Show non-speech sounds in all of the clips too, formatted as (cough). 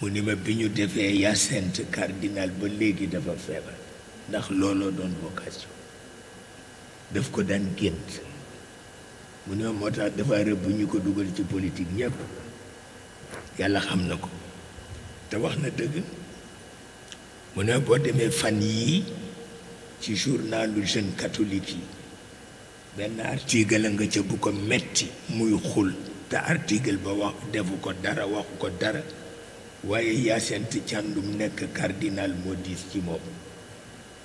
mu ni ma bi ñu defee Hyacinthe cardinal ba léegi dafa feebar ndax looloo doon vocation daf ko daan gént mu ne moo tax dafa rëbb bu ñu ko dugal ci politik ñëpp yàlla xam na ko te wax na dëgg mu ne boo demee fan yii ci journalu jeune catholique yi benn article nga ca bu ko metti muy xul te article ba wax defu ko dara waxu ko dara waaye Hyacinthe Thiandoum nekk cardinal moo diis ci moom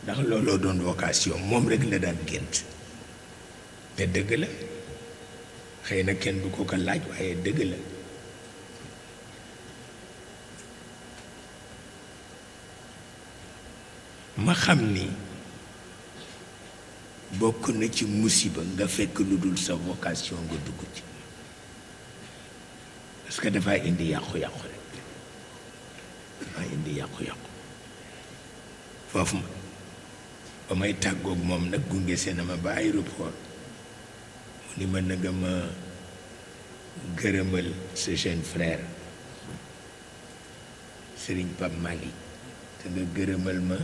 ndax looloo doon vocation moom rek la daan gént te dëgg la xëy na kenn du ko ko laaj waaye dëgg la ma xam ni bokk na ci musiba nga fekk lu dul sa vocation nga dugg ci parce que dafa indi yàqu-yàqu dafa indi yàqu-yàqu foofu ma ba may tàggoog moom nag gunge see na ma ba aéroport mu ni ma nag ma gërëmal sa jeune frère Serigne Pape Malick te nga gërëmal ma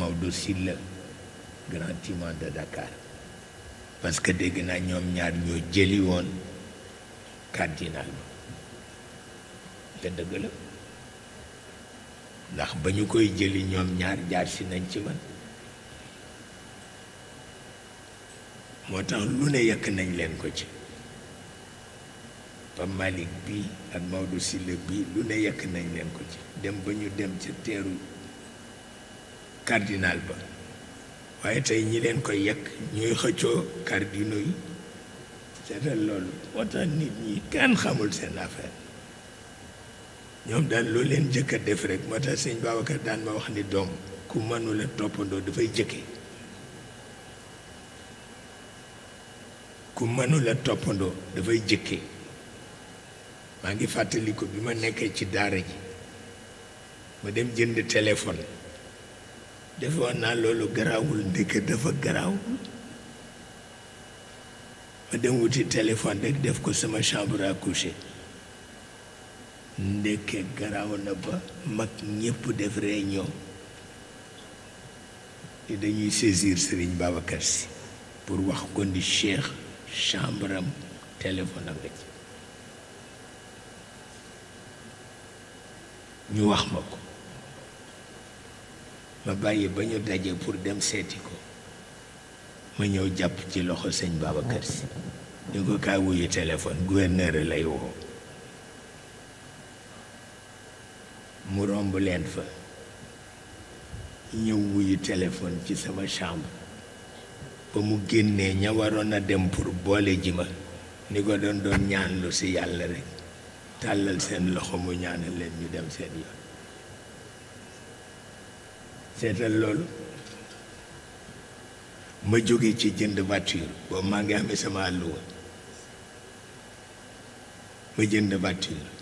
Maodo Sylla grand timon de Dakar parce que dégg naa ñoom ñaar ñoo jëli woon cardinal ba te dëgg la ndax ba ñu koy jëli ñoom ñaar jaar si nañ ci man moo tax lu ne yàkk nañ leen ko ci ba Malick bii ak Maodo Sylla bi lu ne yàkk nañ leen ko ci dem ba ñu dem ca teeru cardinal ba waaye tey ñi leen ko yàkk ñuy xëccoo cardinaux yi seetal loolu moo tax nit ñi kenn xamul seen affaire ñoom daal lool leen njëkk def rek moo tax sëñ Babacar daan ma wax ni doom ku mënula toppandoo dafay jëkke ku mënula toppandoo dafay jëkke maa ngi fàttali bi ma nekkee ci daara ji ma dem jënd téléphone defoon naa loolu garaawul ndeke dafa garaaw ma dem wuti téléphone rek def ko sama chambre à coucher ndekke garaaw na ba mag ñépp def réunion te dañuy saisir Serigne Babacar Sy pour wax ko ni Cheikh chambre am téléphone am rek ñu wax ma ko ma bàyyi ba ñu daje pour dem seeti ko ma ñëw jàpp ci loxo sëñ Babacar Sy ñu ko kaay wuyu téléphone gouverneur lay woo mu romb leen fa ñëw wuyu téléphone ci sama chambre ba mu génnee ña waroon a dem pour boole ji ma ni ko doon doon ñaan lu si yàlla rek tàllal seen loxo mu ñaanal leen ñu dem seen yoon seetal loolu ma jóge ci jënd voiture boobu maa ngi amee sama àlluwa ma jënd voiture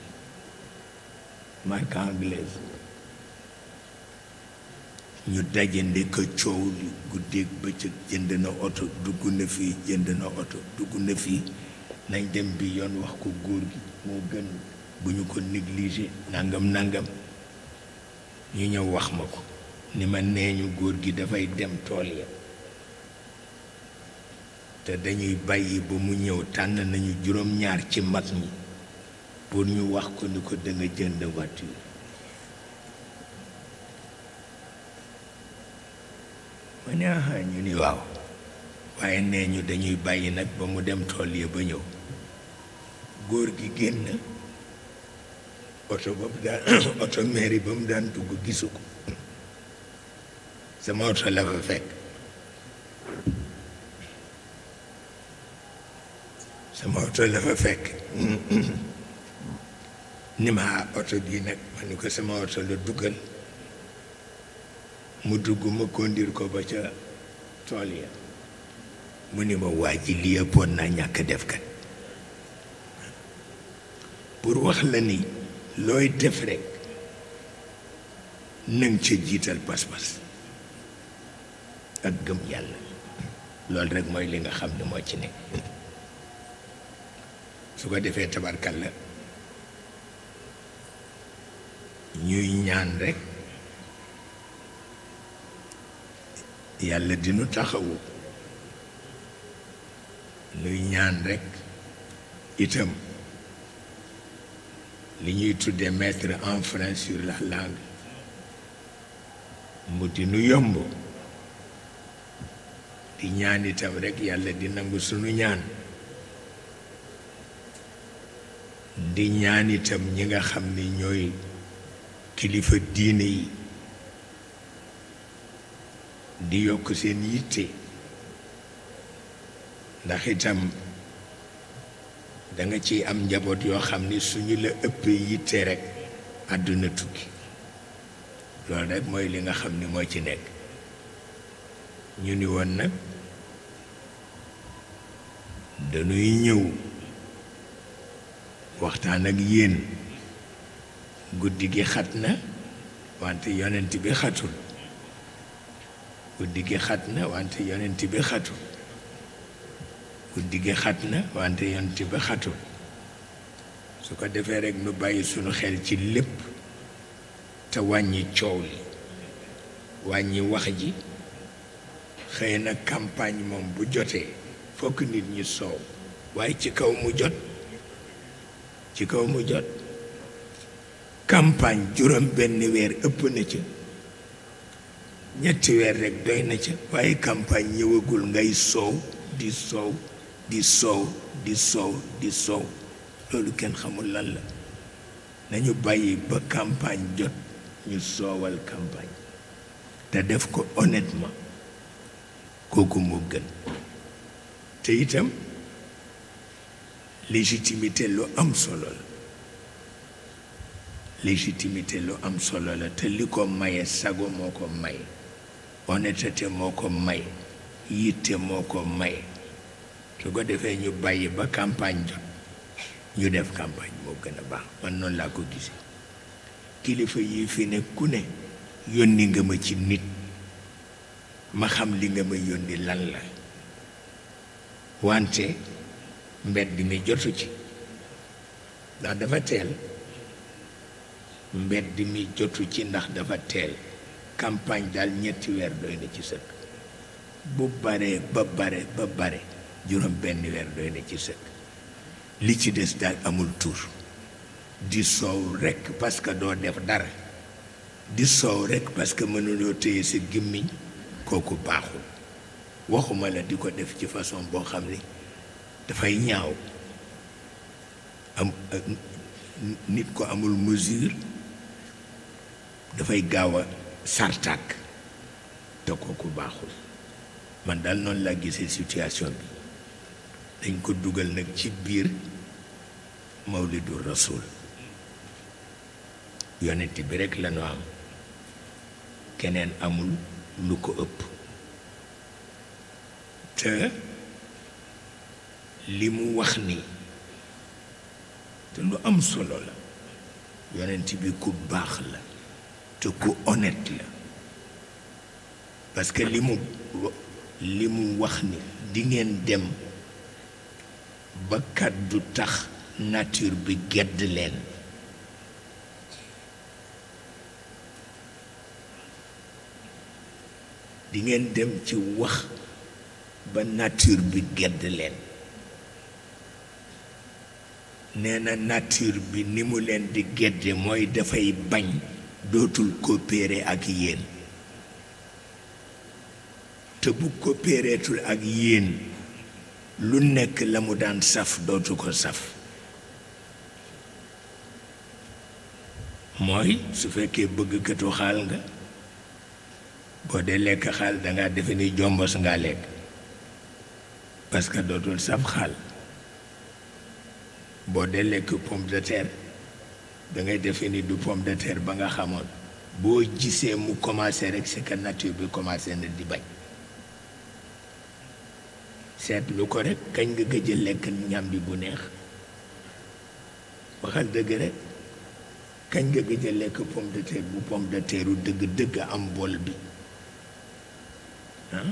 marque anglaise ñu dajande ko coow li guddeeg bëccëg jënd na oto dugg na fii jënd na oto dugg na fii nañ dem bi yoon wax ko góor gi moo gën bu ñu ko négligé nangam nangam ñu ñëw wax ma ko ni ma nee ñu góor gi dafay dem tool ya te dañuy bàyyi ba mu ñëw tànn nañu juróom-ñaar ci mag ñi pour ñu wax ko ni ko danga jënd voiture ma ne aha ñu waaw waaye nee ñu dañuy bàyyi nag ba mu dem tool ya ba ñëw góor gi génn oto ba mu daan (clears throat) oto mairie ba mu daan dugg gisu ko sama oto la fa fekk sama oto la fa fekk (clears throat) ni oto bii nag ma ni ko sama oto la duggal mu dugg ma kondir ko ba ca tool ya mu ni ma waa ji li yëppoon naa ñàkk def kat pour wax la ni looy def rek nang ca jiital pas-pas ak gëm yàlla loolu rek mooy li nga xam ne moo ci nekk su ko defee tabarkal la ñuy ñaan rekk yàlla dinu taxawu ñuy ñaan rekk itam li ñuy tudde mettre en frein sur la langue mu dinu yomb di ñaan itam rekk yàlla di nangu sunu ñaan di ñaan itam ñi nga xam ni ñooy kilifa diine yi di yokk seen yitte ndax itam danga ciy am njaboot yoo xam ni suñu la ëppee yitte rekk àdduna tukki loolu rekk mooy li nga xam ni moo ci nekk ñu ni woon nag dañuy ñëw waxtaan ak yéen guddi gi xat na wante yonent bi xatul guddi gi xat na wante yonent bi xatul guddi gi xat na wante yonent bi su ko defee rekk nu bàyyi sunu xel ci lépp te wàññi coow li wàññi wax ji xëy na campagne moom bu jotee fokk nit ñi soow waaye ci kaw mu jot ci kaw mu jot campagne juróom benn weer ëpp na ca ñetti weer rekk doy na ca waaye campagne ñëwagul ngay soow di soow di soow di soow di soow loolu kenn xamul lan la nañu bàyyi ba campagne jot ñu soowal campagne te def ko honnêtement kooku moo gën te itam légitimité lu am solo légitimité lu am solo la te li ko maye sago moo ko may honnêteté moo ko may yitte moo ko may su ko defee ñu bàyyi ba campagne jot ñu def campagne moo gën a baax man noonu laa ko gisee kilifa yi fi ne ku ne yónni nga ma ci nit ma xam li nga ma yónni lan la wante mbedd mi jotu ci ndax dafa teel mbedd mi jotu ci ndax dafa teel campagne daal ñetti weer doy na ci sëkk bu baree ba bare ba bare juróom benn weer doy na ci sëkk li ci des daal amul tur di soow rekk parce que doo def dara di soow rekk parce que mënuloo téye sa gémmiñ kooku baaxul waxuma la di ko def ci façon boo xam ni dafay ñaaw am nit ko amul mesure dafay gaaw a sartàkk te kooku baaxul man daal noonu laa gisee situation bi dañ ko dugal nag ci biir mawlidu rasul yonent bi rek la ñu am keneen amul lu ko ëpp te li mu wax ni te lu am solo la yonent bi ku baax la te ku honnête la parce que li mu li mu wax ni dingeen dem ba kàddu tax nature bi gedd leen di dem ci wax ba nature bi gedd leen nee na nature bi ni mu leen di gedde mooy dafay bañ dootul coopéré ak yéen te bu coopéreetul ak yéen lu nekk la mu daan saf dootu ko saf mooy su fekkee bëggkatu xaal nga boo dee lekk xaal dangaa defe ni jombos ngaa lekk parce que dootul saf xaal boo dee lekk pomme da ngay defee ni du pomme de terre ba nga xamoon boo gisee mu commencé rek c'est que nature bi commencé na di bañ seetlu ko rek kañ nga gëj a lekk ñam bi bu neex waxal dëgg rek kañ nga gëj a lekk pomme bu pomme de terre dëgg dëgg am bool bi ah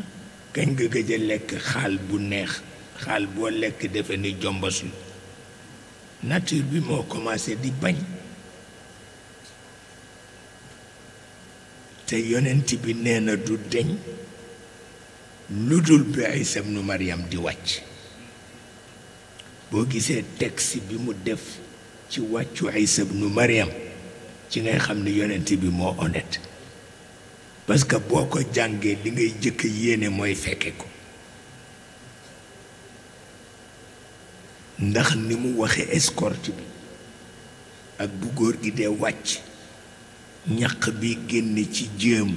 kañ nga gëj a lekk xaal bu neex xaal boo lekk defe ni jombaslu nature bi moo commencé di bañ te yonent bi nee na du deñ lu dul bi Isa ibnu Maryam di wàcc boo gisee texte bi mu def ci wàccu seb ibnu Maryam ci ngay xam ni yonent bi moo honnête parce que boo ko jàngee li ngay jëkk yéene mooy fekke ko ndax ni mu waxe escorte bi ak bu góor gi dee wàcc ñaq bi génne ci jéem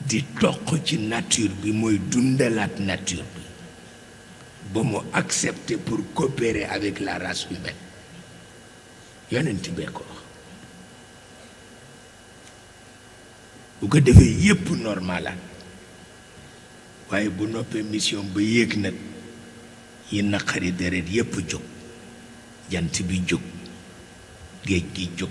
di toq ci nature bi mooy dundalaat nature bi ba mu accepter pour coopérer avec la race humaine yonent bee ko wax bu ko defee yépp normalaat waaye bu noppee mission ba yéeg nag yi naqari deret yépp jóg jant bi jóg géej gi jóg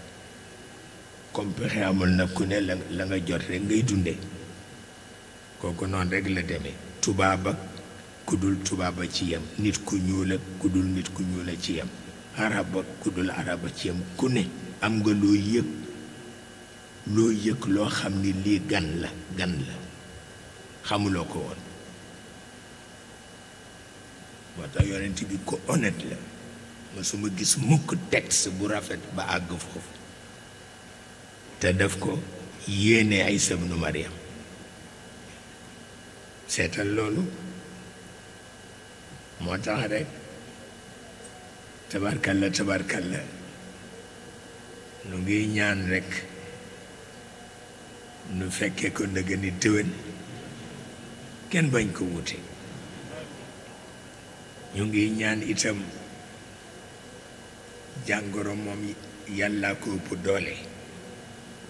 comme pexe amul ku ne la la nga jot rek ngay dunde kooku noonu rek la demee tubaaba ku dul tubaaba ci yem nit ku ñuul ak ku dul nit ku ñuul ci yem araba ku dul araba ci yem ku ne am nga loo yëg loo yëg loo xam ni lii gan la gan la xamuloo ko woon moo tax yonent bi ko honnête la ma su ma gis mukk texte bu rafet ba àgg foofu te def ko yéene ay sëb nu Mariam seetal loolu moo tax rek tabarkalla tabarkalla nu ngi ñaan rek nu fekke ko ndëgë tëwën kenn bañ ko wuti ñu ngi ñaan itam jàngoro moom yàlla ko ëpp doole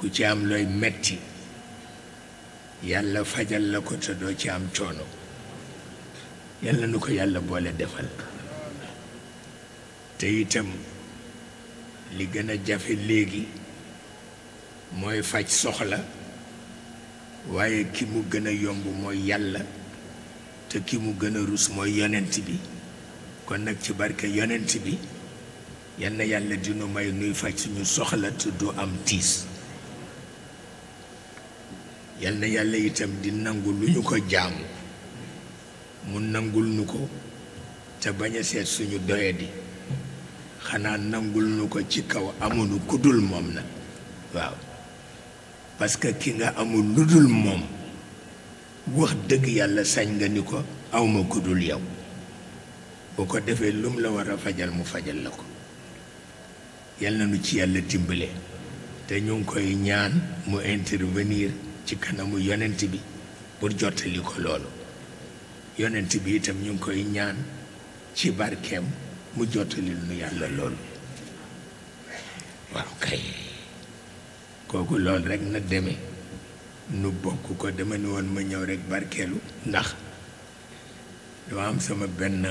ku ci am looy metti yàlla fajal la ko te doo ci am coono yàlla nu ko yàlla boole defal te itam li gën a jafe léegi mooy faj soxla waaye ki mu gën a yomb mooy yàlla te ki mu gën a rus mooy yonent bi kon nag ci barke yonent bi yal na yàlla dinu may nuy faj suñu soxla te du am tiis yal na yàlla itam di nangu lu ñu ko jaamu mu nangul nu ko te bañ a seet suñu doyadi xanaa nangul nu ko ci kaw amunu ku dul moom na waaw parce que ki nga amul lu dul moom wax dëgg yàlla sañ nga ni ko awma ku dul yow boo ko defee lum la war a fajal mu fajal la ko yal na nu ci yàlla dimbale te ñu koy ñaan mu intervenir ci kanamu yonent bi pour jottali ko loolu yonent bi itam ñu ngi koy ñaan ci barkeem mu jottali nu yàlla loolu waaw kay kooku loolu rek na demee nu bokk ko dama ni woon ma ñëw rekk barkeelu ndax dama am sama benn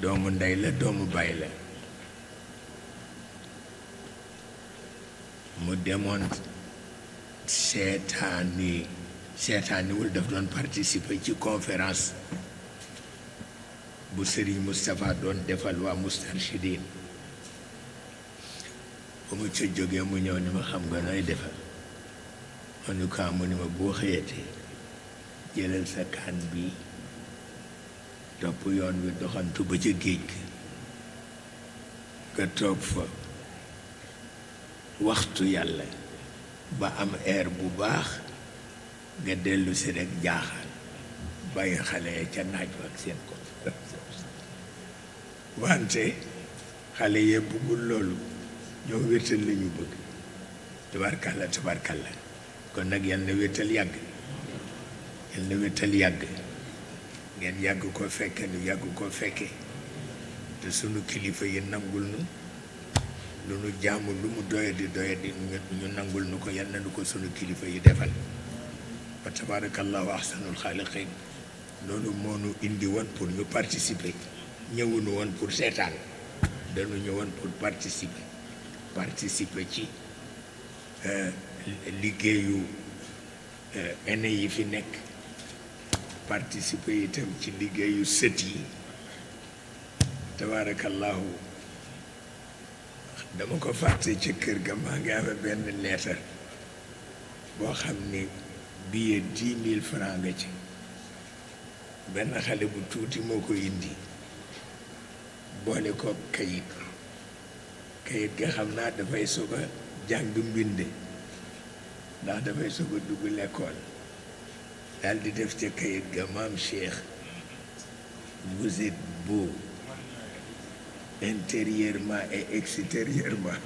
doomu ndey la doomu baay la mu demoon seetaani seetaaniwul daf doon participer ci conférence bu Serigne Moustapha doon defal waa Moustarchidine ba mu ca jógee mu ñëw ni ma xam nga nooy defal en tout ah, cas ni ma boo xëyatee jëlal sa kaan bi topp yoon wi doxantu ba ca géej gi nga toog fa waxtu yàlla ba am air bu baax nga dellusi si rek jaaxal bàyyi xale ya ca naaj ak seen ko wante xale yee bëggul loolu ñoom wétal la ñu bëgg tabarkalla tabarkalla kon nag yal na wétal yàgg yal na wétal yàgg ngeen yàgg ko fekke nu yàgg ko fekke te sunu kilifa yi nangul nu lu nu jaamu lu mu doya di doya ñu nangul nu ko yal na nu ko sunu kilifa yi defal fa tabarakallahu ahsanul xaaliqin loolu moo nu indi woon pour ñu participer ñëwunu woon pour seetaan dañu ñëwoon pour participer participer ci euh, liggéeyu euh, n yi fi nekk participer itam ci liggéeyu sët yi tabarakallahu dama ko fàtte ci kër ga maa ngi amee benn leetar boo xam ni billet dix mille francs nga ci benn xale bu tuuti moo ko indi boole ko kayit kayit ga xam naa dafay soog jàng mbind ndax dafay soog a dugg lekkool daal di def ca kayit ga maam Cheikh vous êtes intérieurement et extérieurement.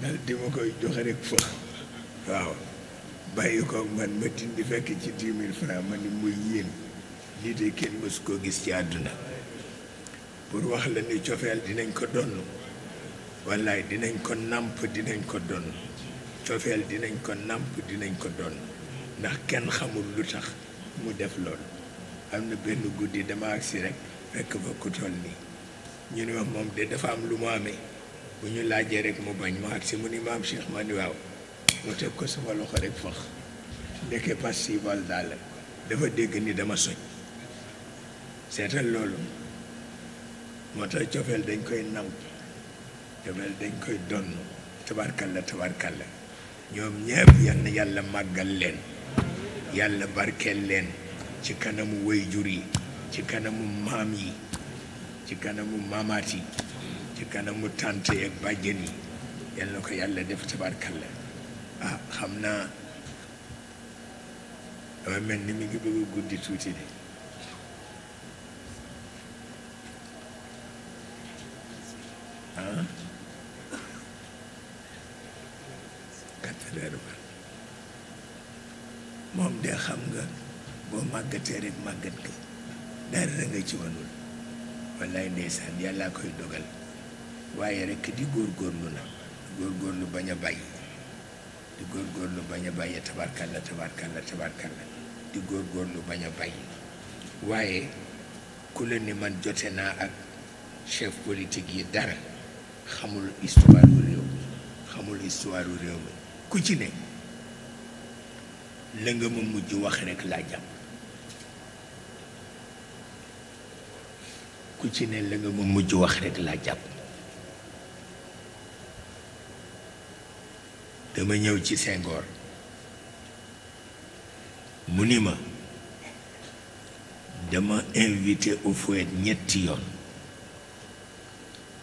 dal di ma koy joxe rek fa waaw bàyyi ko man ma dindi fekk ci dix mille ma ni muy yéen lii kenn mësu koo gis ci àdduna pour wax la ni cofeel dinañ ko donn wallaay dinañ ko nàmp dinañ ko donn cofeel dinañ ko nàmp dinañ ko donn ndax kenn xamul lu tax mu def loolu am na benn guddi dama agsi rek fekk fa ku toll nii ñu ne ma moom de dafa am lu mu amee bu ñu laajee rek mu bañ ma agsi mu ni maam Cheikh ma ni mu teg ko sama loxo rek fax ndeke passival daal la dafa dégg ni dama soñ seetal loolu moo tax cofeel dañ koy namp cofeel dañ koy donn tabarkalla tabarkalla ñoom ñëpp yal na yàlla màggal leen yàlla barkeel leen ci kanamu wayjur yi ci kanamu maam yi ci kanamu maamaat yi ci kanamu tànte ak bàjjen yi yal ko yàlla def ci tabarkalla ah xam naa dama mel ni mi ngi bëgg a guddi tuuti de ah? moom de xam nga boo màggatee rek màggat nga dara nga ci wanul wallaay ndeysaan yàllaa koy dogal waaye rek di góor góorlu na góorgóorlu bañ a bàyyi di góorgóorlu bañ a bàyyi tabarkalla tabarkalla tabarkalla di góorgóorlu bañ a bàyyi waaye ku la ni man jote naa ak chef politique yi dara xamul histoire réew mi xamul histoire réew mi ku ci la nga ma mujj wax rekk laa jàpp ku ci ne la nga ma mujj wax rekk laa jàpp dama ñëw ci Senghor mu ni ma dama invité au fouet ñetti yoon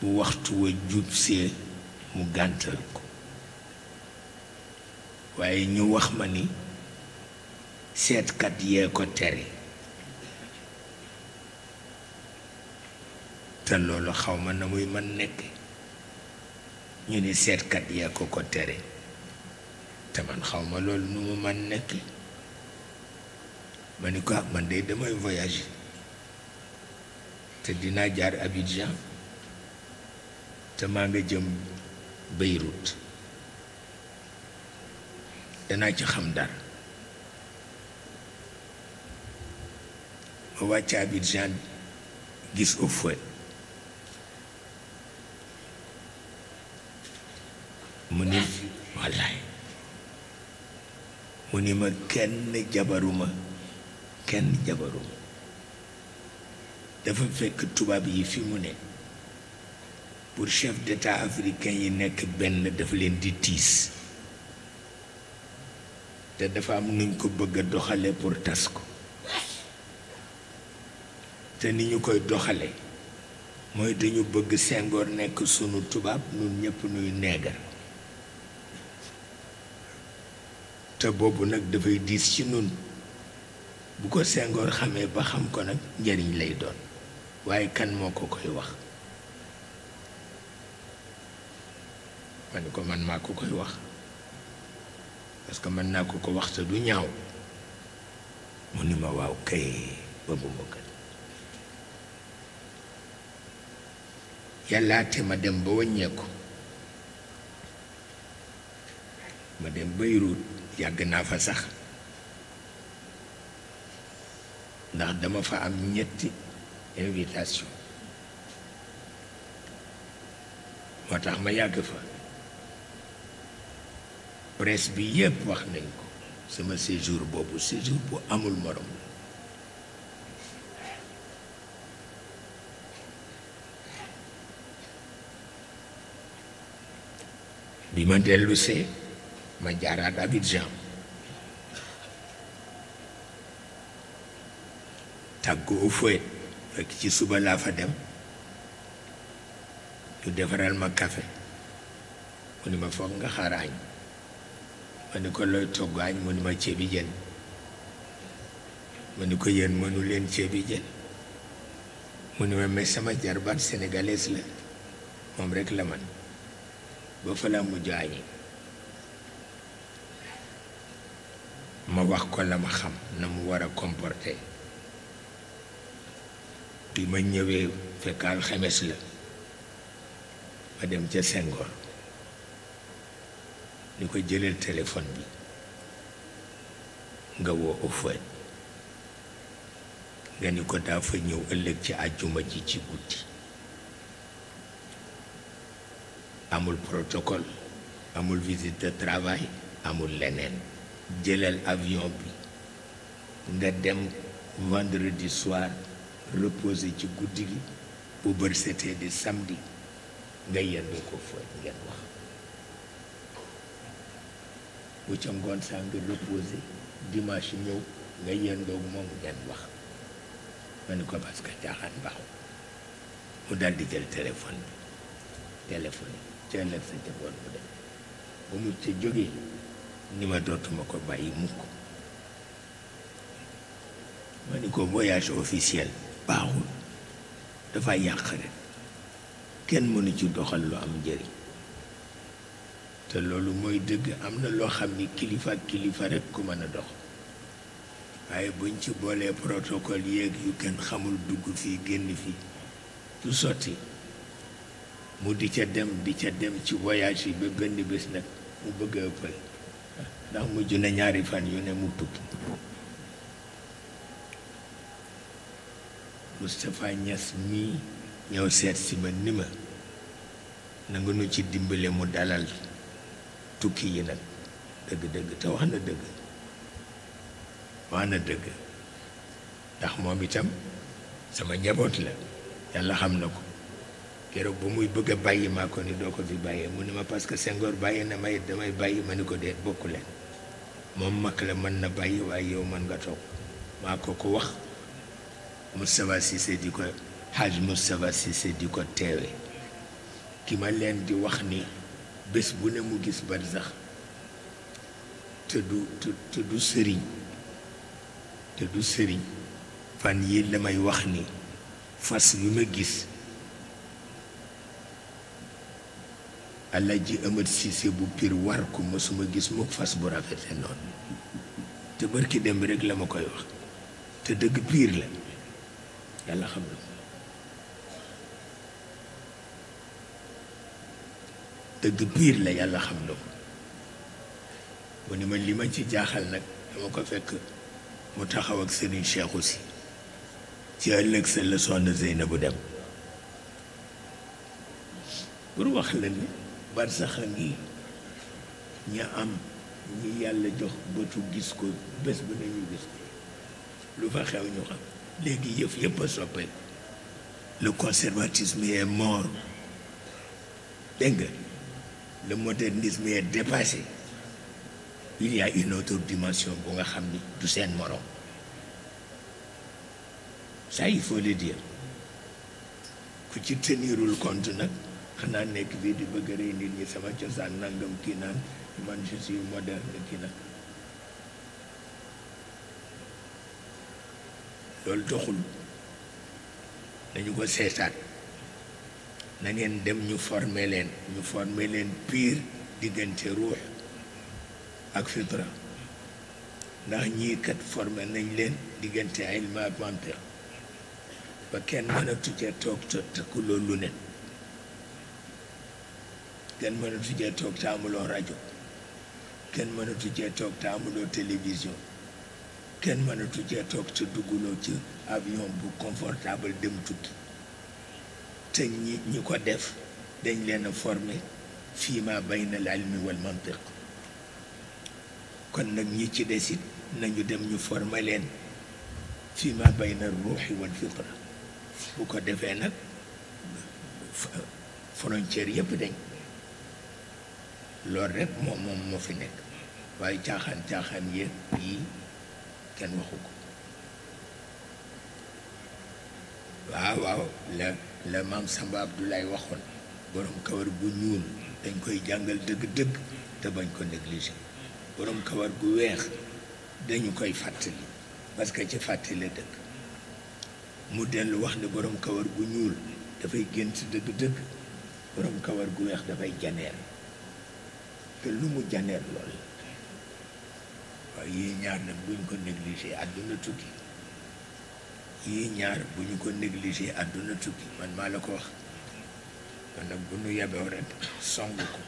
bu waxtu wa jub mu gàntal ko waaye ñu wax ma ni seetkat yee ko tere te loolu xaw ma na muy mën nekk ñu ne seetkat yee ko ko tere te man xaw ma loolu nu mu mën nekk ma ni ko ah man de damay voyage te dinaa jaar Abidjan te maa nga jëm Beyrouth danaa ci xam dara wàcc Abidjan gis au feu mu ni wallaay mu ni ma kenn jabaruma kenn jabaruma dafa fekk tubaab yi fi mu ne pour chef d'état africain yi nekk benn dafa leen di tiis te dafa am nuñ ko bëgg doxale pour tas ko te ni ñu koy doxale mooy dañu bëgg Senghor nekk sunu tubaab nun ñëpp nuy neegar te boobu nag dafay diis ci nun bu ko Senghor xamee ba xam ko nag njariñ lay doon waaye kan moo ko koy wax ma ko man maa ko koy wax parce que mën naa ko ko wax te du ñaaw mu ni ma waaw kay ba bu ma yàllaate ma dem ba wàññeeku ma dem Beyrouth yàgg naa fa sax ndax dama fa am ñetti invitation moo tax ma yàgg fa presse bi yépp wax nañ ko sama séjour boobu séjour bu amul morom bi ma dellusee ma jaaraat Abidjan tàggoo fooy fekk ci suba laa fa dem ñu defaral ma kafe mu ni ma foog nga xaaraañ ma ni ko looy toggaañ mu ni ma ceebi jën ko yéen mënu leen ceebi jën mu ni ma mais sama jarbaat sénégalaise la moom rek la man ba fa mu jaayi ma wax ko la ma xam na mu war a comporter bi ma ñëwee fekk alxames la ma dem ca Senghor ni ko jëlal téléphone bi nga woo Houphouët nga ni ko daa fa ñëw ëllëg ci àjjuma ji ci guddi amul protocole amul visite de travail amul lenen l'avion avion bi nga dem vendredi soir reposé ci goudi gi bu de samedi nga yendo ko ngeen wax bu reposer dimanche ñëw nga yendo mom ngeen wax parce téléphone téléphone ca ëllëg sa ni ma dootuma ko bàyyi ni ko voyage officiel baaxul dafa kenn mënu ci doxal lu am te loolu mooy dëgg am na loo xam ni kilifa ak kilifa rek ku mën a dox waaye buñ ci boolee protocole yéeg yu kenn xamul dugg fii génn fii du sotti mu di ca dem di ca dem ci voyage yi ba benn bés nag mu bëgg ëppal ndax mujj na ñaari fan yu ne mu tukki Moustapha Niass mii ñëw seet si ma ni ma nanga nu ci dimbale mu dalal tukki yi nag dëgg dëgg te wax na dëgg wax na dëgg ndax moom itam sama njaboot la yàlla xam na ko keroog ba muy bëgg bàyyi maa ko ni doo ko fi bàyyee mu ne ma parce que Senghor bàyyi na may damay bàyyi ma ni ko dee bokku leen moom mag la mën na bàyyi waaye yow mën nga toog maa ko ko wax Moustapha Cissé di ko Hadj Moustapha Cissé di ko teewe ki ma leen di wax ni bés bu ne mu gis barzax te du te sëriñ te du sëriñ fan yi la may wax ni fas yu ma gis ji Amat Siise bu piir war ko mësuma gis mukk fas bu rafete noonu te ki dem rek la ma koy wax te dëgg biir la yàlla xam na yàlla xam na ko mu ni ma li ma ci jaaxal nag dama ko fekk mu taxaw ak Serigne Cheikh si ci ëllëg sa la sonn Zeynabu dem pour wax la ni barsaxa ngi ña am ñi yàlla jox batu gis ko bés bu ñu gis ko lu fa xew ñu xam léegi yëf yëpp soppé le conservatisme est mort dégg le modernisme est dépassé il y a une autre dimension bu nga xam ni du sen morom ça il faut le dire ku ci tenirul compte nak xanaa nekk fii di bëgg rey nit ñi sama cosaan nangam kii naan man je suis moderne kii naan loolu doxul nañu ko seetaan na ngeen dem ñu former leen ñu former leen pire diggante ruux ak fitra ndax ñii kat formé nañ leen diggante ilma ak mantiq ba kenn mën a tuccee toog te takkuloo lu ne kenn mënatu cee toog taamuloo rajo kenn mënatu cee toog taamuloo télévision kenn mënatu cee toog te dugguloo ci avion bu confortable dem tukki te ñi ñi ko def dañ leen a former fii ma bayna al ilmi wal mantiq kon nag ñi ci desit nañu dem ñu former leen fii ma bayna ruuxi wal fitra bu ko defee nag frontière yëpp dañ lool rek moom moom moo fi nekk waaye caaxaan caaxaan yéeg yi kenn waxu ko waaw waaw la la maam Samba Abdoulaye waxoon borom kawar gu ñuul dañ koy jàngal dëgg-dëgg te bañ ko négligé borom kawar gu weex dañu koy fàttali parce que ci fàttali dëgg mu dellu wax ne boroom kawar gu ñuul dafay génn gént dëgg-dëgg borom kawar gu weex dafay janeer lu mu janeer lool waaye yii ñaar nag bu ñu ko négligé àdduna tukki yii ñaar bu ñu ko négligé àdduna tukki man maa la ko wax kon nag bu nu yebew rek song ko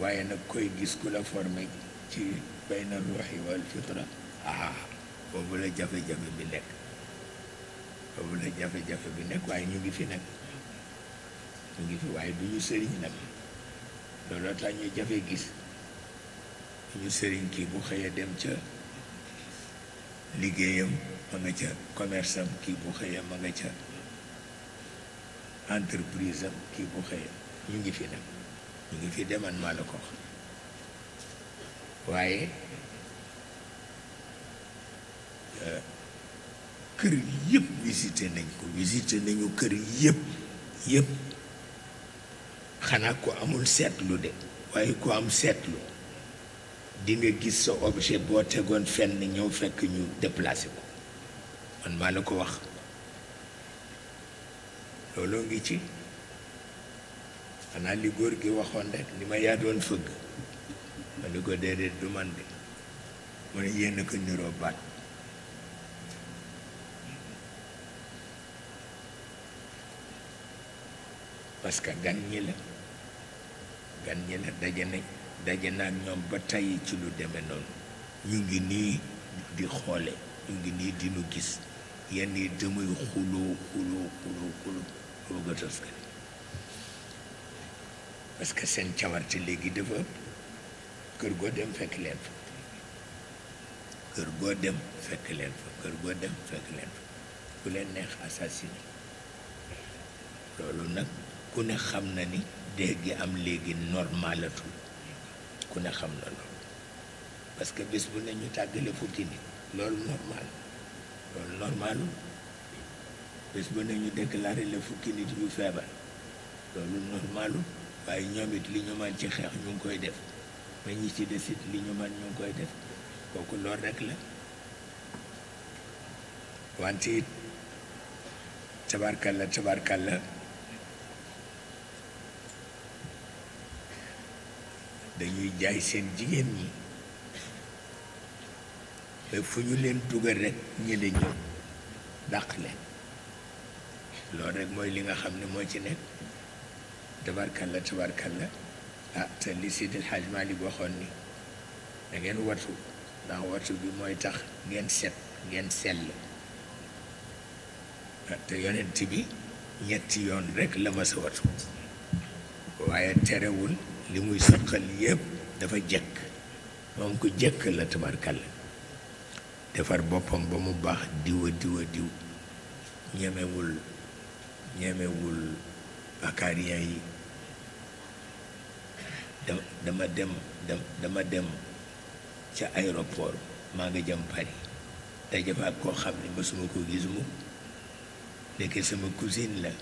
waaye nag koy gis ku la formé ci bay na ruuxi wal fitra ah boobu la jafe-jafe bi nekk boobu la jafe-jafe bi nekk waaye ñu ngi fi nekk ñu ngi fi waaye du ñu sëriñ nag looloo tax ñu jafe gis ñu sëriñ kii bu xëyee dem ca liggéeyam ma nga ca commerce kii bu xëyee ma nga ca entreprise kii bu xëyee ñu ngi fi dem ñu ngi fi deman maa ko wax waaye euh, kër yëpp visité nañ ko visité nañu kër yëpp yëpp xanaa ko amul seetlu de waaye ko am seetlu di nga gis sa objet boo tegoon fenn ñëw fekk ñu déplacé ko man maa la ko wax looloo ngi ci xanaa li góor gi waxoon rek ni ma yaa doon fëgg ma ni ko déedéet du man de mu ne yéen ko niroo baat parce que gan ñi la gan ñi la daje daje naa ñoom ba tey ci lu deme noonu ñu ngi nii di xoole ñu ngi nii di gis yenn yi damuy xuloo xuloo xuloo xuloo booga tas parce que seen ci léegi dafa kër goo dem fekk leen fa kër goo dem fekk leen fa goo dem fekk leen ku leen neex assassiné loolu nag ku ne xam na ni dégg am léegi normalatul ku ne xam na loolu parce que bés bu ne ñu tàggale fukki nit loolu normal loolu normalul bés bu ne ñu déclaré la fukki nit yu feebar loolu normalul waaye ñoom li ñu man ci xeex ñu ngi koy def ba ñi ci desit li ñu man ñu ngi koy def kooku loolu rek la wante it tabarkalla tabarkalla dañuy jaay seen jigéen ñi te fu ñu leen dugal rek ñële ñëw dàq leen loolu rek mooy li nga xam ne moo ci nekk tabarkalla tabarkalla ah te li Seydil Hadj Malick waxoon ni da ngeen watu ndax watu bi mooy tax ngeen set ngeen sell ah, te yonent bi ñetti yoon rekk la ma sa watu waaye terewul li muy sëqal yépp dafa jekk moom ko jekk la tabarkalla defar boppam ba mu baax diw diwa diw ñemewul ñemewul bakaariya yi dama dem dama dem ca aéroport maa nga jëm Paris daje fa ak koo xam ne mësuma ko gis mu nekk sama cousine la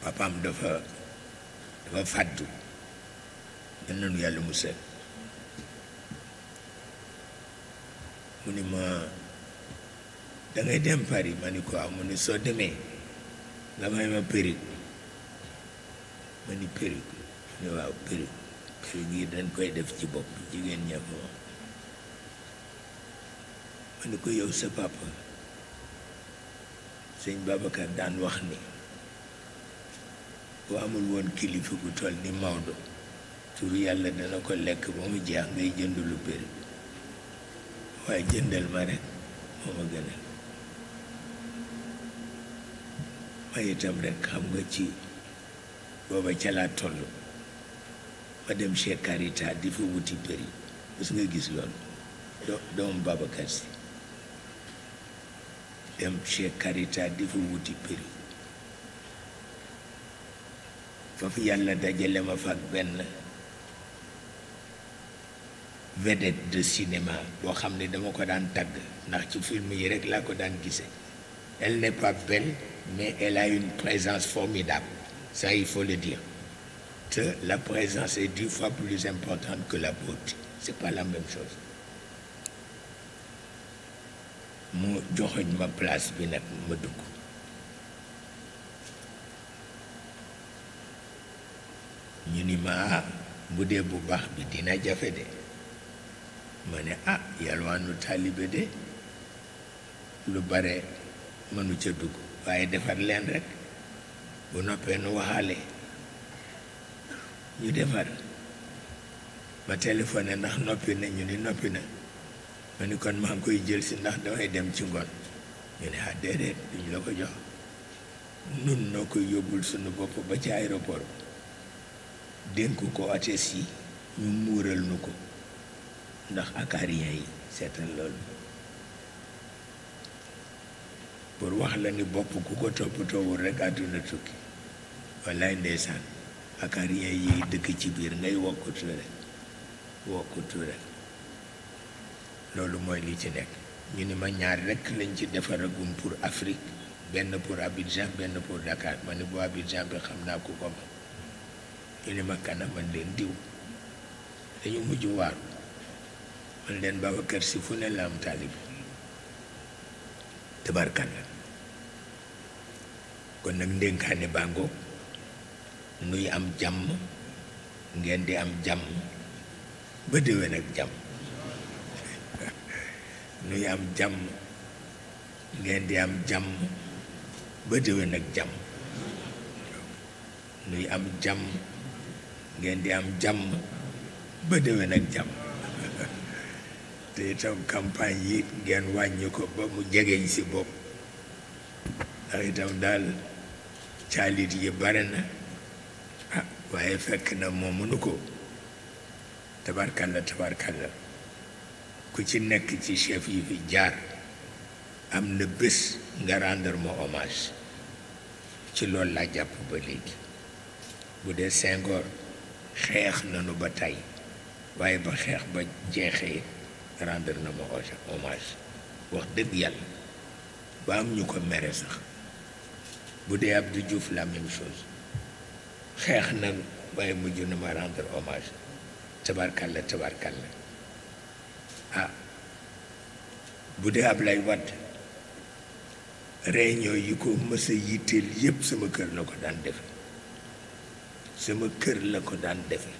papaam dafa dafa fàddu yal na nu yàlla mu seet mu ni ma dangay dem Paris ma ni ko waaw ni soo demee nga may ma perruque ma ni perruque mu waaw perruque perruque yi dañ koy def ci bopp jigéen ña ko ma ni ko yow sa papa sëñ Babacar daan wax ni boo amul woon kilifa gu toll ni Maodo tur yàlla dana ko lekk ba mu jeex ngay jënd lu bëri waaye jëndal ma rek moo ma gënal ma itam rek xam nga ci booba ca laa ma dem chez Caritas di fa wuti bëri parce nga gis loolu do- doomu Babacar Si dem chez Caritas di fa wuti bëri foofu yàlla dajale ma fa ak benn vedette de cinéma boo xam ne dama ko daan tagg ndax ci film yi rek laa ko daan gise elle n'est pas belle mais elle a une présence formidable ça il faut le dire te la présence est dix fois plus importante que la beauté c'est pas la même chose mu joxoñ ma place bi nag ma dugg ñu ni ma ah bu dee bu baax bi dina jafe de ma ne ah yalwaanu taalibe de lu bare mënu ca dugg waaye defar leen rek bu noppee nu waxaale ñu defar ma téléphoné ndax noppi na ñu ni noppi na ma ni kon maa ngi koy jël si ndax damay dem ci ngoon ñu ne ah déedéet duñ la ko jox nun noo koy yóbbul sunu bopp ba ci aéroport dénk ko otes yi ñu muural nu ko ndax acariens yi seetaan loolu pour wax la ni bopp ku ko toppatoowul rekk àdduna tukki wallaay ndeysaan acariens yi dëkk ci biir ngay wokkutu rekk wokkutu rekk loolu mooy li ci nekk ñu ni ma ñaar rekk lañ ci defaragum pour Afrique benn pour Abidjan benn pour Dakar ma ni bu Abidjan bi xam naa ku ko ñu ne ma kana man leen diw dañu mujj waaru man leen Babacar si fu ne la am taalib tabarkalla kon nag ndénkaane bàngoo ngoog nuy am jàmm ngeen di am jàmm ba déwén ak jàmm (laughs) am jàmm ngeen di am jàmm ba déwén ak jàmm nuy am jàmm ngeen di am jàmm ba déwén ak jàmm (laughs) te itam campagne yi ngeen wàññi ko ba mu jegeñ si bopp ndax itam daal caalit yi bare na ah waaye fekk na moo mënu ko tabarkalla tabarkalla ku ci nekk ci chef yi fi jaar am na bés nga rendre ma ci loolu laa jàpp ba léegi bu dee Senghor xeex nanu ba tey waaye ba xeex ba jeexee rendre na ma hommage wax dëgg yàlla ba am ñu ko mere sax bu dee Abdou Diouf la même chose xeex nanu waaye mujj na ma rendre hommage tabarkalla tabarkalla ah bu dee Ablaye Wade réunion yi ko mës a yitteel yépp sama kër na ko daan def sama kër la ko daan defe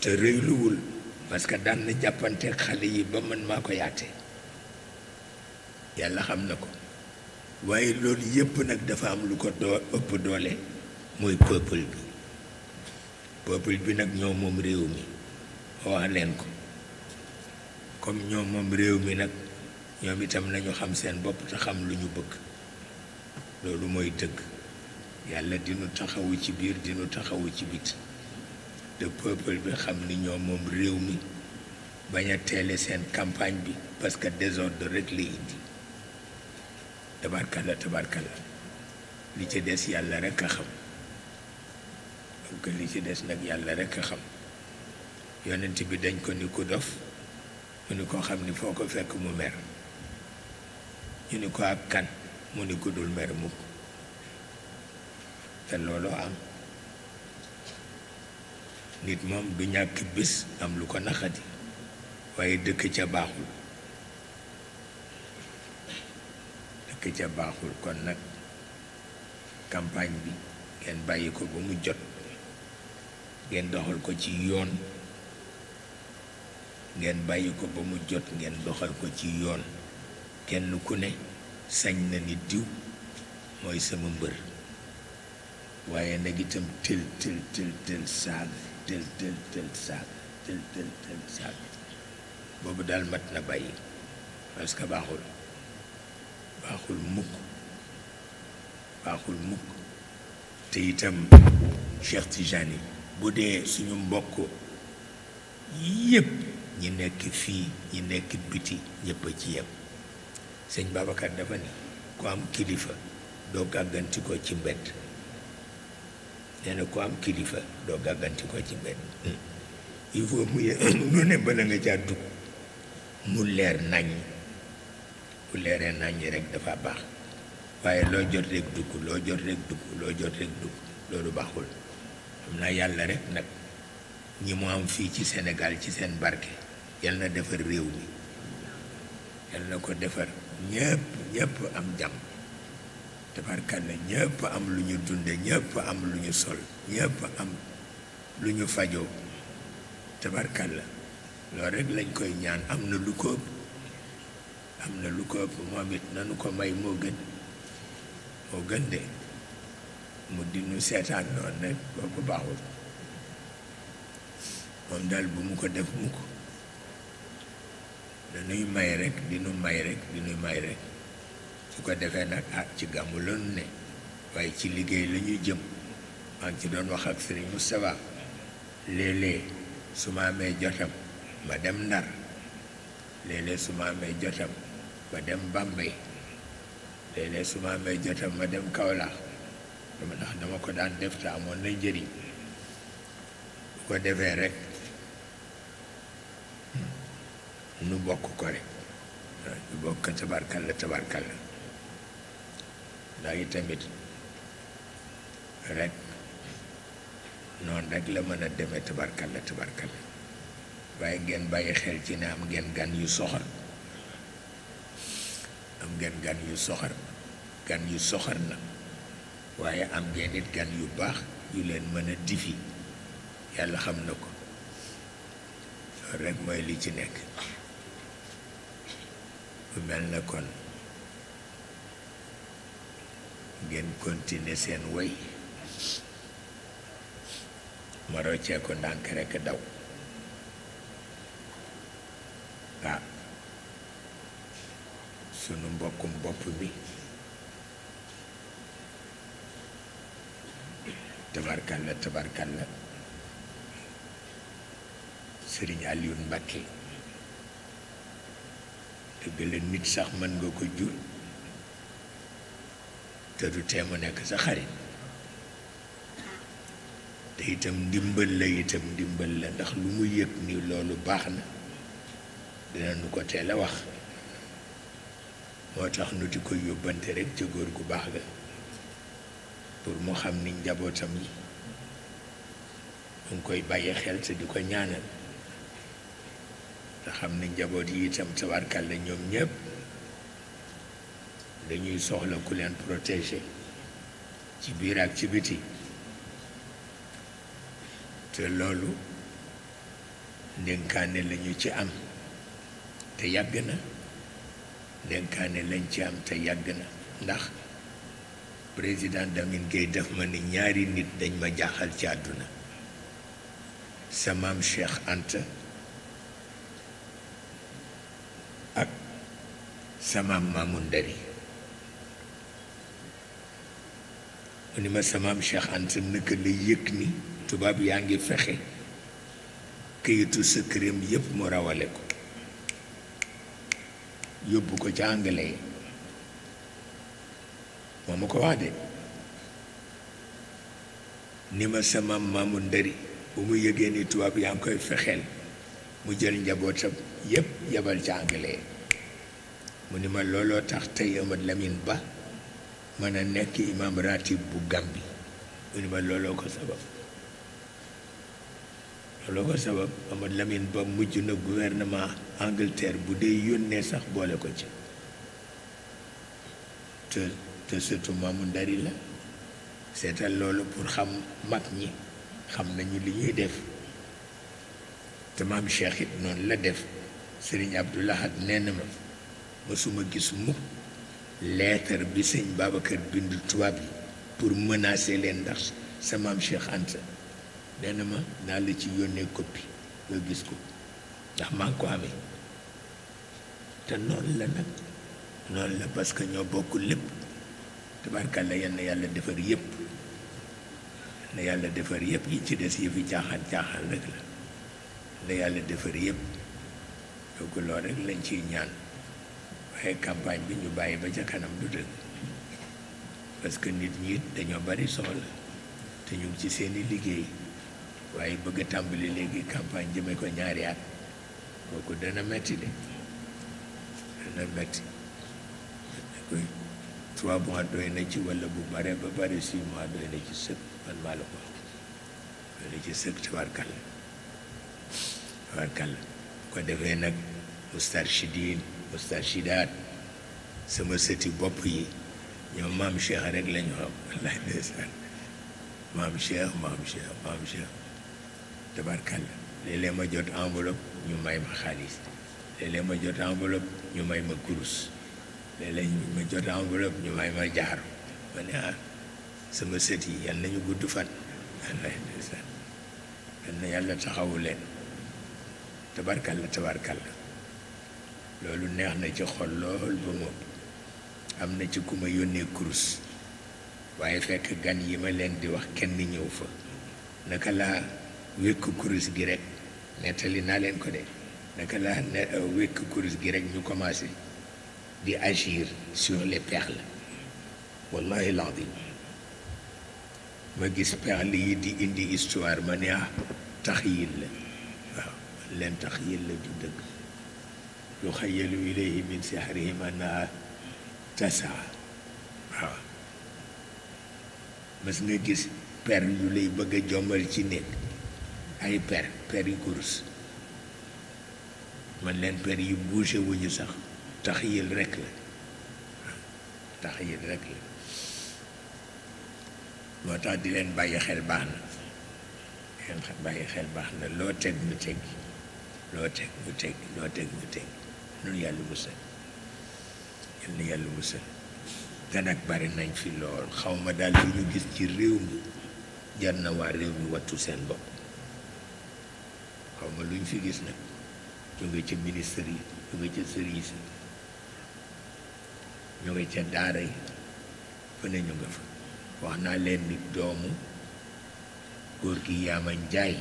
te rëyluwul parce que daan na jàppante xale yi ba man maa ko yaate yàlla xam na ko waaye loolu yépp nag dafa am lu ko doo ëpp doole mooy peuple bi peuple bi nag ñoo moom réew mi wax leen ko comme ñoo moom réew mi nag ñoom itam nañu xam seen bopp te xam lu ñu bëgg loolu mooy dëgg yàlla dinu taxawu ci biir dinu taxawu ci bit le peuple bi xam ni ñoom moom réew mi bañ a teele seen campagne bi parce que désordre rek la indi tabarkalla tabarkalla li ci des yàlla rek a xam li ci des nag yàlla rek a xam yonent bi dañ ko ni ku dof mu ni ko xam ni foo ko fekk mu mer ñu ni ko ak kan mu ni ko mer mukk te looloo am nit moom du ñàkk bés am lu ko naxati waaye dëkk ca baaxul dëkk ca baaxul kon nag campagne bi ngeen bàyyi ko ba mu jot ngeen doxal ko ci yoon ngeen bàyyi ko ba mu jot ngeen doxal ko ci yoon kenn ku ne sañ na ni diw mooy sama mbër waaye nag itam tël tël tël saaga tël tël tël saaga tël tël tël saaga boobu daal mat na bàyyi parce que baaxul baaxul mukk baaxul mukk te itam Cheikh Tijani bu dee suñu mbokk yëpp ñi nekk fii ñi nekk biti ñëpp a ci yem sëñ Babacar dafa ni ku am kilifa doo gàgganti ko ci mbedd nee na ku am kilifa doo gàgganti ko ci benn hmm. il faut mu (coughs) lu ne bala nga caa dugg mu leer nañ bu leeree nañ rek dafa baax waaye loo jot rek dugg loo jot rek dugg loolu baaxul xam naa yàlla rek nag ñi mu am fii ci senegal ci seen barke yal na defar réew mi yal na ko defar ñëpp ñëpp am jàmm tabarkàlla ñëpp am lu ñu dunde ñëpp am lu ñu sol ñëpp am lu ñu fajoo tabarkàlla lool rek lañ koy ñaan am na lu ko ëpp am na lu ko ëpp moom it nanu ko may moo gën moo gën de mu di ñu seetaan noonu nag kooku baaxul moom dal bu mu ko def mu ko dañuy may rek di nu may rek di nu may rek su ko defee nag ah ci gàmmu lanu ne waaye ci liggéey la ñu jëm maa ngi ci doon wax ak Serigne Moustapha léeg-léeg su ma amee jotam ma dem Ndar léeg-léeg su ma amee jotam ma dem Bambey léeg-léeg su ma ma dem Kaolack dama ndax dama ko daan def te amoon na njëriñ bu ko defee rek hmm, nu bokk ko rek nu bokk tabarkalla tabarkalla ndax tamit rek noonu rek la mën a demee tabarkal la tabarkal la waaye ngeen bàyyi xel ci ne am ngeen gan yu soxor am ngeen gan yu soxor gan yu soxor na waaye am ngeen it gan yu baax yu leen mën a difi yàlla xam na ko rek mooy li ci nekk bu mel na kon ngeen continuer seen woy ma roccee ko ndànk rekk daw waaw ah. sunu mbokkum bopp bi tabarkalla tabarkalla sëriñ Alioune Mbacké dëgg la nit sax mën nga ko jur te du tee mu nekk sa xarit te itam ndimbal la itam ndimbal la ndax lu mu yëg ni loolu baax na dina nu ko teel a wax moo tax nu di ko yóbbante rek ca góor gu baax ga pour mu xam ni njabootam yi mu ngi koy bàyyi xel te di ko ñaanal te xam ni njaboot yi itam tabarkal la ñoom ñëpp. dañuy soxla ku leen protéger ci biir ak ci biti te loolu ndénkaane lañu ci am te yàgg na ndénkaane lañ ci am te yàgg na ndax président Lamine Gueye def ma ni ñaari nit dañ ma jaaxal ci àdduna sa maam Cheikh Anta ak sa maam Mamoun Dari mu ni ma samaam Cheikh Anta naka la yëg ni tubaab yaa ngi fexe këyitu secret yépp mu rawale ko yóbbu ko ca anglais moo ma ko wax de ni ma sama maamu ndëri bu mu yëgee ni tubaab yaa ngi koy fexeel mu jël njabootam yépp yebal ca anglais mu ni ma looloo tax tey Amadou Lamine Ba mën a nekk imam ratib bu Gàmbi bi ni ma looloo ko sabab looloo ko sabab Amadou Lamine Ba mujj na gouvernement Angleterre bu dee yónnee sax boole ko ci te te surtout maamu ndari la seetal loolu pour xam mag ñi xam nañu li ñuy def te maam Cheikh it noonu la def Serigne Abdoul Ahad nee ma mësuma gis mukk leetar bi sëñ Babacar bindu tubaab yi pour mënaase leen ndax sa maam Cheikh Anta nee ma naa la ci yónnee koppi nga gis ko ndax maa ngi ko amee te noonu la nag noonu la parce que ñoo bokk lépp tabarkàlla yenn yàlla defar yépp na yàlla defar yépp yi ci des yëfi caaxaan caaxaan rek la na yàlla defar yépp donc rek lañ ciy ñaan waaye campagne bi ñu bàyyi ba ca kanam du dëgg parce que nit ñi dañoo bari soxla te ñu ngi ci seeni liggéey waaye bëgg tàmbali léegi campagne jëmee ko ñaari at kooku dana metti de dana metti trois mois doy na ci walla bu bare ba bare six mois doy na ci sëkk man maa la ko doy na ci sëkk tabarkalla tabarkalla ko defee nag mustarchidin mustachidaat sama sëti bopp yi ñoom maam Cheikh rek la ñu xam wallaay ndeysaan maam Cheikh maam Cheikh maam Cheikh tabarkalla léeg ma jot enveloppe ñu may ma xaalis léeg-léeg ma jot enveloppe ñu may ma kurus léeg-léeg ma jot enveloppe ñu may ma jaaru ma ne ah sama sët yi yal nañu gudd fan wallaay ndeysaan yal na yàlla taxawu leen tabarkalla tabarkalla loolu neex na ci xol lool ba moom am na ci ku ma yónnee kurus waaye fekk gan yi ma leen di wax kenn ñëw fa naka laa wékk kurus gi rek nettali naa leen ko de naka laa ne euh, wékk kurus gi rek ñu commencé di agir sur les perles wallahi l'azim ma gis perles yi di indi histoire ma ne ah tax yil la waaw leen tax yil la du dëgg يخيل إليه من سحرهم أنها تسعى آه. بس نجس بير يولي بغا جمال جنيك أي بير بير يقرس من لين بير يبوشي ويسخ تخيل ركلة تخيل ركلة موتا دي لين باي خيل باهنا باي خيل باهنا لو تك متك لو تك متك لو تك متك nu yàlla wësal yal na yàlla wësal gan ak bari nañ fi lool xaw ma daal li ñu gis ci réew mi jar na waa réew mi wattu seen bopp xaw ma lu ñu fi gis nag jóge ca ministère yi jóge ca service yi jóge ca daara yi fa ne ñu nga fa wax naa leen nit doomu góor gi yaama njaay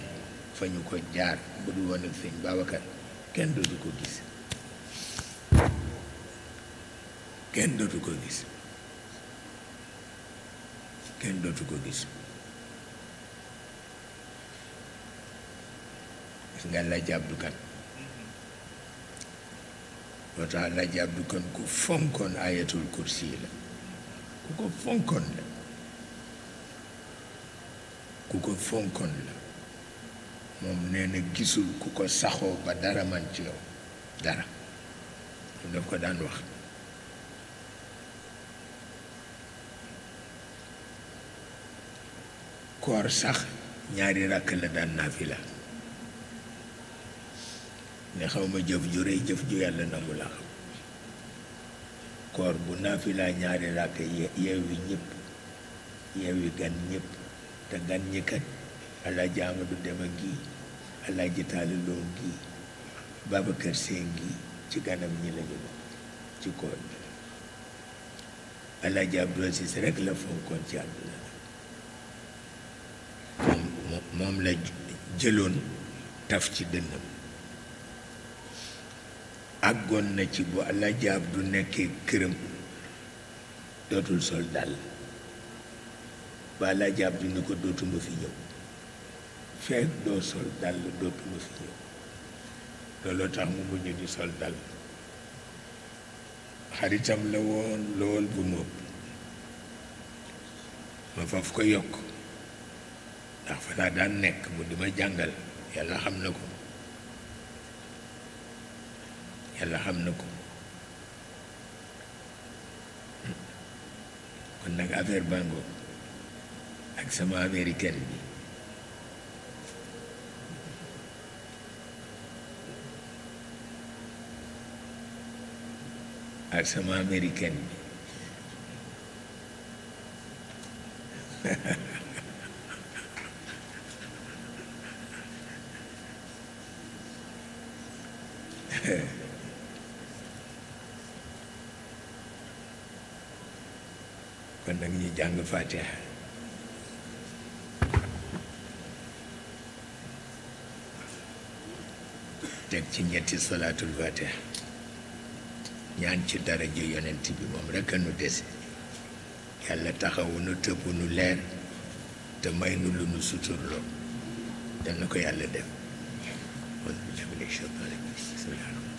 fa ñu ko jaar bu dul woon ak sëñ kenn dootu ko gis kenn dootu ko gis kenn dootu ko gis gis nga laaj Abdu Kan loo tax laaj Abdu Kan ku fonkoon ayatul kursi la ku ko fonkoon la ku ko fonkoon la moom nee gisul ku ko saxoo ba dara man ci yow dara daf ko daan wax koor sax ñaari rakk la daan naafila ne xaw ma jëf ju rëy jëf ju yàlla nangu la xam koor bu naafila ñaari rakk yeewi ñëpp yeewi gan ñëpp te gan ñi kat alaaji Amadou Deme ngi alaaji Taala Loo ngi Seen ngi ci ganam ñi lañu bokk ci koor bi alaaji Abdou rek la fonkoon ci àdduna moom la jëloon taf ci dënnam àggoon na ci bu Alaaji Abdu nekkee këram dootul sol dàll ba Alaaji Abdu ni ko dootuma fi ñëw feek doo sol dàll dootuma fi ñëw looloo tax mu muñu di sol dàll xaritam la woon lool bu mu ma faf ko yokk ndax fa la daan nekk mu di ma jàngal yàlla ya xam ya na ko yàlla xam na ko kon nag affaire bango ak sama affaire kenn bi ak sama américaine bi (laughs) kon nag ñu jàng fatiha teg ci ñetti salaatul fatiha ñaan ci dara ji yonent bi moom rekk a nu dese yàlla taxawu nu tëbb nu leer te may nu nu suturloo dana ko yàlla def Bismillahirrahmanirrahim.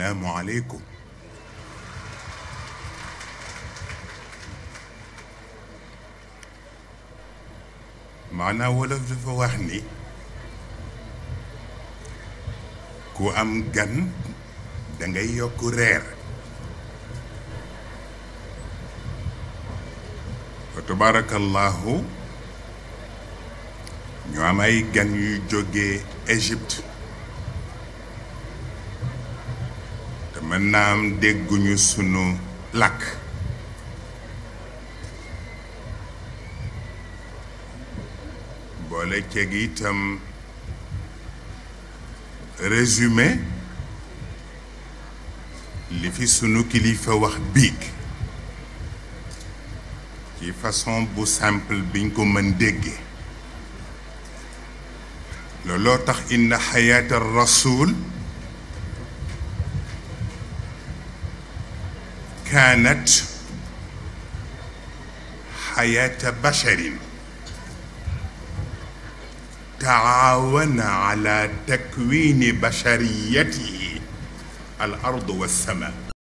السلام عليكم معنا ولف فواحني كو أم جن دنجي يوكو رير فتبارك الله نعم أي جن يجوغي إيجبت إيجبت mën naa am dégguñu sunu làkk boole ceeg résumé li fi sunu kilifa wax biig ci façon bu simple biñ ko mën déggé lolo tax inna xayaata rasul كانت حياة بشر تعاون على تكوين بشريته الأرض والسماء